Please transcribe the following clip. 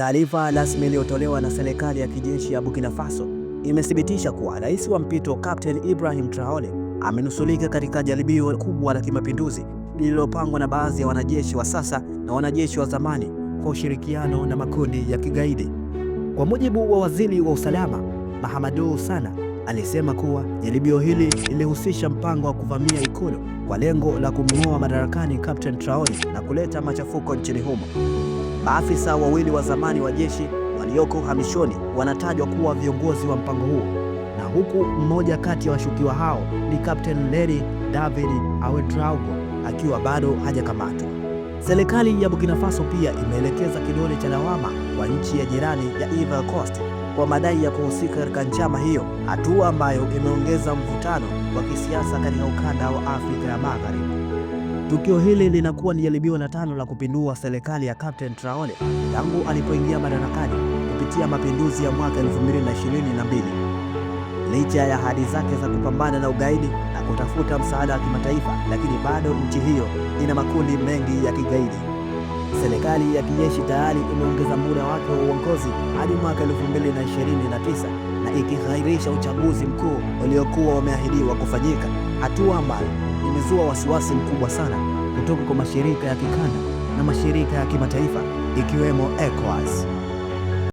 Taarifa rasmi iliyotolewa na serikali ya kijeshi ya Burkina Faso imethibitisha kuwa rais wa mpito Captain Ibrahim Traore amenusulika katika jaribio kubwa la kimapinduzi lililopangwa na baadhi ya wanajeshi wa sasa na wanajeshi wa zamani kwa ushirikiano na makundi ya kigaidi. Kwa mujibu wa waziri wa usalama Mahamadou Sana, alisema kuwa jaribio hili lilihusisha mpango wa kuvamia ikulu kwa lengo la kumng'oa madarakani Captain Traore na kuleta machafuko nchini humo. Maafisa wawili wa zamani wa jeshi walioko uhamishoni wanatajwa kuwa viongozi wa mpango huo, na huku mmoja kati ya wa washukiwa hao ni Captain Larry David Awedraogo akiwa bado hajakamatwa. Serikali ya Burkina Faso pia imeelekeza kidole cha lawama kwa nchi ya jirani ya Ivory Coast kwa madai ya kuhusika katika njama hiyo, hatua ambayo imeongeza mvutano wa kisiasa katika ukanda wa Afrika ya Magharibi. Tukio hili linakuwa ni jaribio la tano la kupindua serikali ya Captain Traore tangu alipoingia madarakani kupitia mapinduzi ya mwaka 2022. Licha ya ahadi zake za kupambana na ugaidi na kutafuta msaada wa kimataifa, lakini bado nchi hiyo ina makundi mengi ya kigaidi. Serikali ya kijeshi tayari imeongeza muda wake wa uongozi hadi mwaka 2029 na ikihairisha uchaguzi mkuu uliokuwa umeahidiwa kufanyika, hatua ambayo imezua wasiwasi mkubwa sana kutoka kwa mashirika ya kikanda na mashirika ya kimataifa ikiwemo ECOWAS.